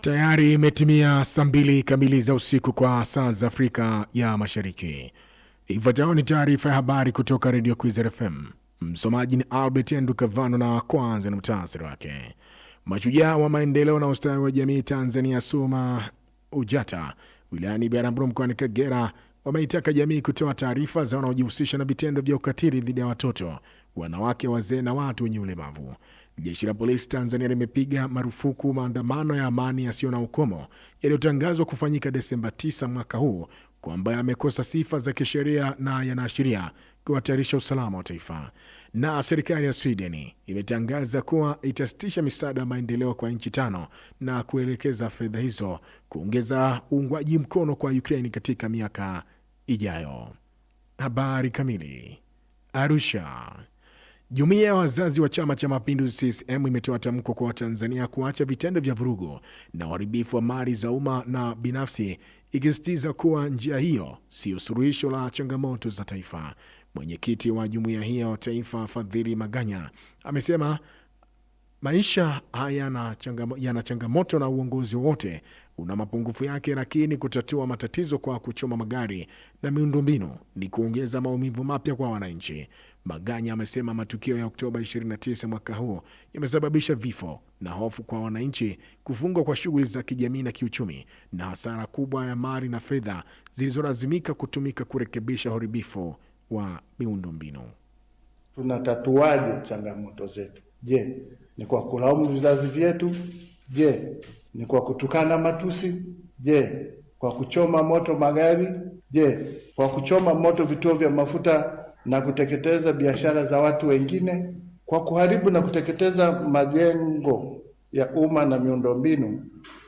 Tayari imetimia saa mbili kamili za usiku kwa saa za Afrika ya Mashariki. Ifuatayo ni taarifa ya habari kutoka Redio Kwizera FM. Msomaji ni Albert Ndukavano, na kwanza ni muhtasari wake. Mashujaa wa maendeleo na ustawi wa jamii Tanzania SUMA UJATA wilayani Biharamulo mkoani Kagera wameitaka jamii kutoa taarifa za wanaojihusisha na vitendo vya ukatili dhidi ya watoto, wanawake, wazee na watu wenye ulemavu. Jeshi la polisi Tanzania limepiga marufuku maandamano ya amani yasiyo na ukomo yaliyotangazwa kufanyika Desemba 9 mwaka huu, kwamba yamekosa sifa za kisheria na yanaashiria kuhatarisha usalama wa taifa. Na serikali ya Sweden imetangaza kuwa itasitisha misaada ya maendeleo kwa nchi tano na kuelekeza fedha hizo kuongeza uungwaji mkono kwa Ukraini katika miaka ijayo. Habari kamili. Arusha. Jumuiya ya wazazi wa Chama cha Mapinduzi CCM imetoa tamko kwa Watanzania kuacha vitendo vya vurugu na uharibifu wa mali za umma na binafsi, ikisisitiza kuwa njia hiyo siyo suluhisho la changamoto za taifa. Mwenyekiti wa jumuiya hiyo taifa Fadhili Maganya amesema maisha haya yana changamoto na uongozi wowote una mapungufu yake, lakini kutatua matatizo kwa kuchoma magari na miundombinu ni kuongeza maumivu mapya kwa wananchi. Maganya amesema matukio ya Oktoba 29 mwaka huu yamesababisha vifo na hofu kwa wananchi, kufungwa kwa shughuli za kijamii na kiuchumi, na hasara kubwa ya mali na fedha zilizolazimika kutumika kurekebisha uharibifu wa miundombinu. Tunatatuaje changamoto zetu? Je, ni kwa kulaumu vizazi vyetu? Je, ni kwa kutukana matusi? Je, kwa kuchoma moto magari? Je, kwa kuchoma moto vituo vya mafuta na kuteketeza biashara za watu wengine? Kwa kuharibu na kuteketeza majengo ya umma na miundombinu?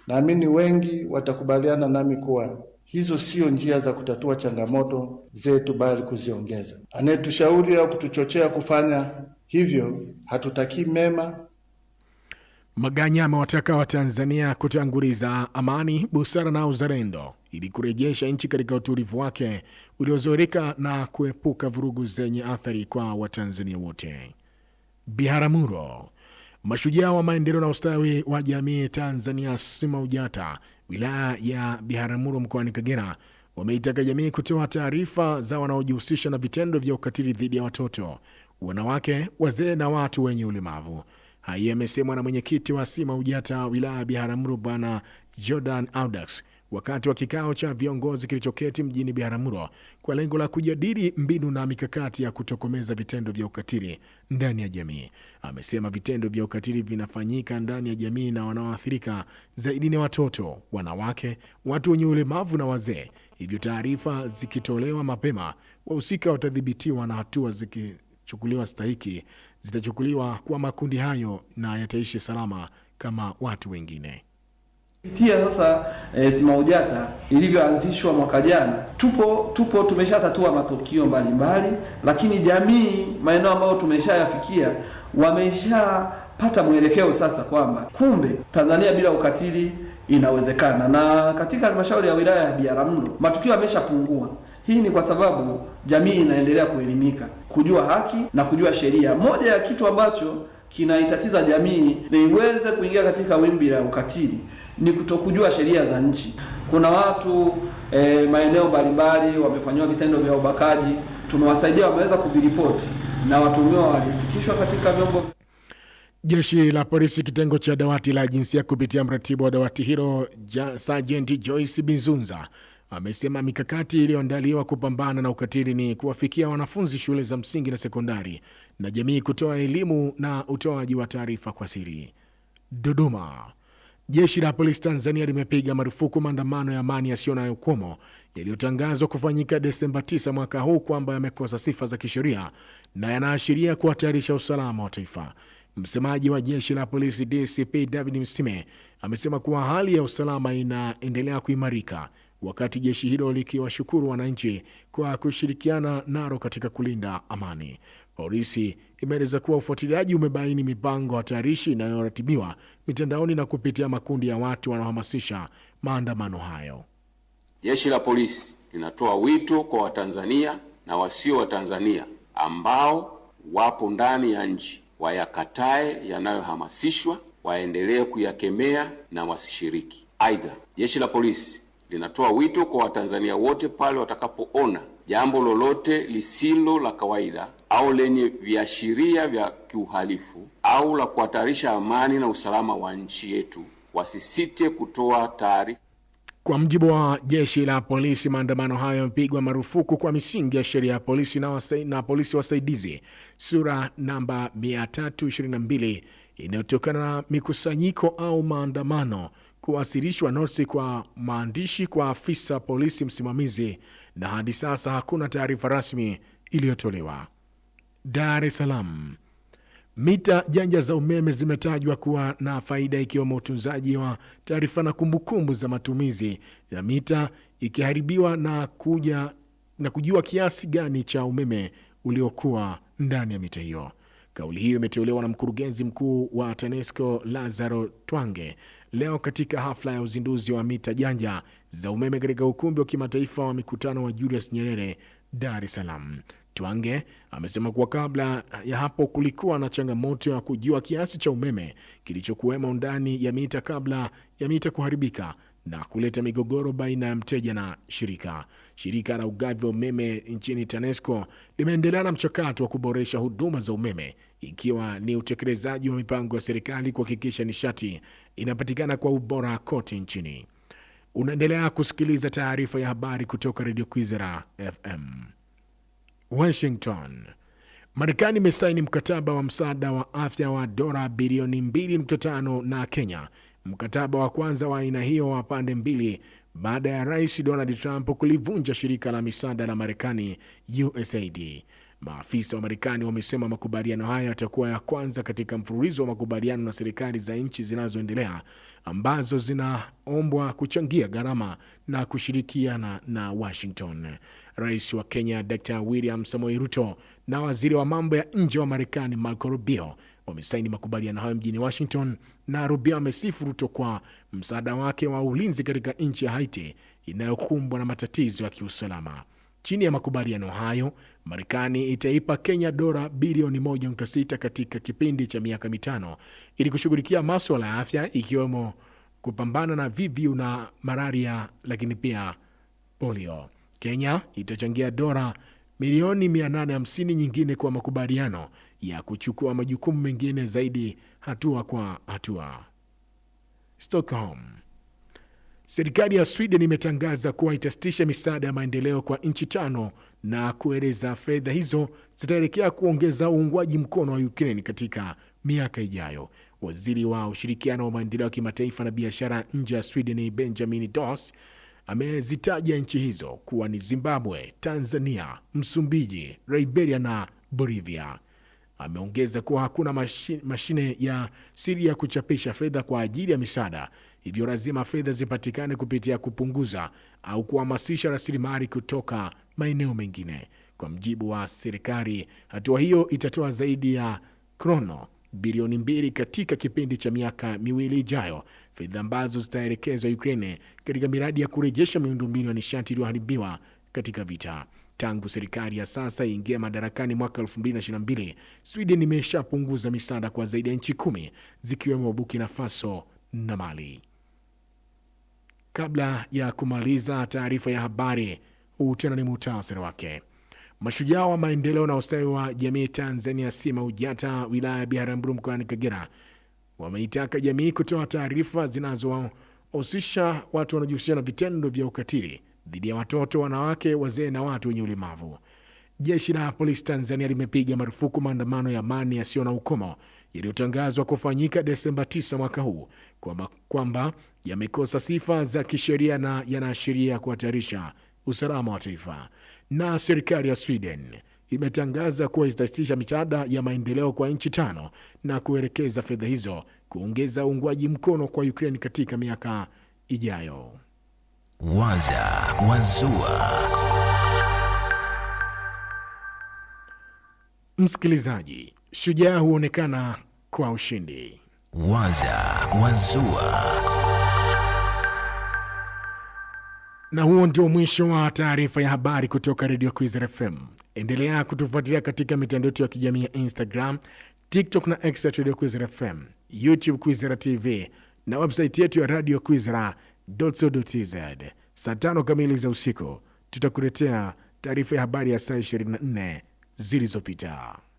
Naamini wengi watakubaliana nami kuwa Hizo sio njia za kutatua changamoto zetu, bali kuziongeza. Anayetushauri au kutuchochea kufanya hivyo hatutakii mema. Maganya amewataka Watanzania kutanguliza amani, busara na uzalendo ili kurejesha nchi katika utulivu wake uliozoeleka na kuepuka vurugu zenye athari kwa Watanzania wote. biharamuro mashujaa wa maendeleo na ustawi wa jamii Tanzania, Sima Ujata wilaya ya Biharamulo mkoani Kagera wameitaka jamii kutoa taarifa za wanaojihusisha na vitendo vya ukatili dhidi ya watoto, wanawake, wazee na watu wenye ulemavu. Haya yamesemwa na mwenyekiti wa Sima Ujata wilaya ya Biharamulo Bwana Jordan Audax wakati wa kikao cha viongozi kilichoketi mjini Biharamulo kwa lengo la kujadili mbinu na mikakati ya kutokomeza vitendo vya ukatili ndani ya jamii. Amesema vitendo vya ukatili vinafanyika ndani ya jamii na wanaoathirika zaidi ni watoto, wanawake, watu wenye ulemavu na wazee. Hivyo taarifa zikitolewa mapema, wahusika watadhibitiwa na hatua zikichukuliwa stahiki zitachukuliwa kwa makundi hayo na yataishi salama kama watu wengine. Kupitia sasa e, eh, SMAUJATA ilivyoanzishwa mwaka jana, tupo tupo tumeshatatua matukio mbalimbali, lakini jamii maeneo ambayo tumeshayafikia wameshapata mwelekeo sasa kwamba kumbe Tanzania bila ukatili inawezekana, na katika halmashauri ya wilaya ya Biharamulo matukio yameshapungua. Hii ni kwa sababu jamii inaendelea kuelimika, kujua haki na kujua sheria. Moja ya kitu ambacho kinaitatiza jamii ni iweze kuingia katika wimbi la ukatili ni kutokujua sheria za nchi. Kuna watu e, maeneo mbalimbali wamefanyiwa vitendo vya ubakaji, tumewasaidia, wameweza kuviripoti na watuhumiwa walifikishwa katika vyombo. Jeshi la polisi kitengo cha dawati la jinsia kupitia mratibu wa dawati hilo ja, Sergeant Joyce Binzunza amesema mikakati iliyoandaliwa kupambana na ukatili ni kuwafikia wanafunzi shule za msingi na sekondari na jamii kutoa elimu na utoaji wa taarifa kwa siri. Dodoma. Jeshi la polisi Tanzania limepiga marufuku maandamano ya amani yasiyo na ukomo yaliyotangazwa kufanyika Desemba 9 mwaka huu kwamba yamekosa sifa za kisheria na yanaashiria kuhatarisha usalama wa taifa. Msemaji wa jeshi la polisi DCP David Msime amesema kuwa hali ya usalama inaendelea kuimarika wakati jeshi hilo likiwashukuru wananchi kwa kushirikiana naro katika kulinda amani. Polisi imeeleza kuwa ufuatiliaji umebaini mipango hatarishi inayoratibiwa mitandaoni na kupitia makundi ya watu wanaohamasisha maandamano hayo. Jeshi la polisi linatoa wito kwa Watanzania na wasio Watanzania ambao wapo ndani ya nchi wayakatae yanayohamasishwa, waendelee kuyakemea na wasishiriki. Aidha, jeshi la polisi linatoa wito kwa Watanzania wote pale watakapoona jambo lolote lisilo la kawaida au lenye viashiria vya kiuhalifu au la kuhatarisha amani na usalama wa nchi yetu wasisite kutoa taarifa. Kwa mjibu wa jeshi la polisi, maandamano hayo yamepigwa marufuku kwa misingi ya sheria ya polisi na, wasai, na polisi wasaidizi sura namba 322 inayotokana na mikusanyiko au maandamano kuwasilishwa nosi kwa maandishi kwa afisa polisi msimamizi na hadi sasa hakuna taarifa rasmi iliyotolewa. Dar es Salaam, mita janja za umeme zimetajwa kuwa na faida ikiwemo utunzaji wa taarifa na kumbukumbu za matumizi ya mita ikiharibiwa na kuja na kujua kiasi gani cha umeme uliokuwa ndani ya mita hiyo. Kauli hiyo imetolewa na mkurugenzi mkuu wa TANESCO Lazaro Twange leo katika hafla ya uzinduzi wa mita janja za umeme katika ukumbi wa kimataifa wa mikutano wa Julius Nyerere, Dar es Salaam. Twange amesema kuwa kabla ya hapo kulikuwa na changamoto ya kujua kiasi cha umeme kilichokuwemo ndani ya mita kabla ya mita kuharibika na kuleta migogoro baina ya mteja na shirika. Shirika la ugavi wa umeme nchini TANESCO limeendelea na mchakato wa kuboresha huduma za umeme ikiwa ni utekelezaji wa mipango ya serikali kuhakikisha nishati inapatikana kwa ubora kote nchini. Unaendelea kusikiliza taarifa ya habari kutoka redio Kwizera FM Washington. Marekani imesaini mkataba wa msaada wa afya wa dola bilioni 2.5 na Kenya mkataba wa kwanza wa aina hiyo wa pande mbili baada ya Rais Donald Trump kulivunja shirika la misaada la Marekani USAID. Maafisa wa Marekani wamesema makubaliano hayo yatakuwa ya kwanza katika mfululizo wa makubaliano na serikali za nchi zinazoendelea ambazo zinaombwa kuchangia gharama na kushirikiana na Washington. Rais wa Kenya Dr. William Samoei Ruto na waziri wa mambo ya nje wa Marekani Marco Rubio wamesaini makubaliano hayo mjini Washington na Rubia amesifu Ruto kwa msaada wake wa ulinzi katika nchi ya Haiti inayokumbwa na matatizo ya kiusalama. Chini ya makubaliano hayo, Marekani itaipa Kenya dola bilioni 1.6 katika kipindi cha miaka mitano ili kushughulikia maswala ya afya ikiwemo kupambana na VVU na malaria, lakini pia polio. Kenya itachangia dola milioni 850 nyingine kwa makubaliano ya kuchukua majukumu mengine zaidi hatua kwa hatua. Stockholm. Serikali ya Sweden imetangaza kuwa itasitisha misaada ya maendeleo kwa nchi tano na kueleza fedha hizo zitaelekea kuongeza uungwaji mkono wa Ukraine katika miaka ijayo. Waziri wa ushirikiano wa maendeleo ya kimataifa na biashara nje ya Sweden Benjamin Dos amezitaja nchi hizo kuwa ni Zimbabwe, Tanzania, Msumbiji, Liberia na Bolivia. Ameongeza kuwa hakuna mashine ya siri ya kuchapisha fedha kwa ajili ya misaada, hivyo lazima fedha zipatikane kupitia kupunguza au kuhamasisha rasilimali kutoka maeneo mengine. Kwa mjibu wa serikali, hatua hiyo itatoa zaidi ya krono bilioni mbili katika kipindi cha miaka miwili ijayo, fedha ambazo zitaelekezwa Ukraine katika miradi ya kurejesha miundombinu ya nishati iliyoharibiwa katika vita. Tangu serikali ya sasa iingia madarakani mwaka 2022, Sweden imeshapunguza misaada kwa zaidi ya nchi kumi zikiwemo Burkina Faso na Mali. Kabla ya kumaliza taarifa ya habari, huu tena ni muhtasari wake. Mashujaa wa maendeleo na ustawi wa jamii Tanzania sima ujata wilaya ya biharamburu mkoani Kagera wameitaka jamii kutoa taarifa zinazohusisha watu wanaojihusisha na vitendo vya ukatili dhidi ya watoto, wanawake, wazee na watu wenye ulemavu. Jeshi la polisi Tanzania limepiga marufuku maandamano ya amani yasiyo na ukomo yaliyotangazwa kufanyika Desemba 9 mwaka huu kwamba kwamba yamekosa sifa za kisheria na yanaashiria kuhatarisha usalama wa taifa. Na serikali ya Sweden imetangaza kuwa itasitisha misaada ya maendeleo kwa nchi tano na kuelekeza fedha hizo kuongeza uungwaji mkono kwa Ukraine katika miaka ijayo. Waza Wazua. Msikilizaji, shujaa huonekana kwa ushindi. Waza Wazua. Na huo ndio mwisho wa taarifa ya habari kutoka redio Kwizera FM. Endelea kutufuatilia katika mitandao yetu ya kijamii ya Instagram, TikTok na X at redio Kwizera FM, YouTube Kwizera TV na websaiti yetu ya radio kwizera co.tz. Saa tano kamili za usiku tutakuletea taarifa ya habari ya saa 24 zilizopita.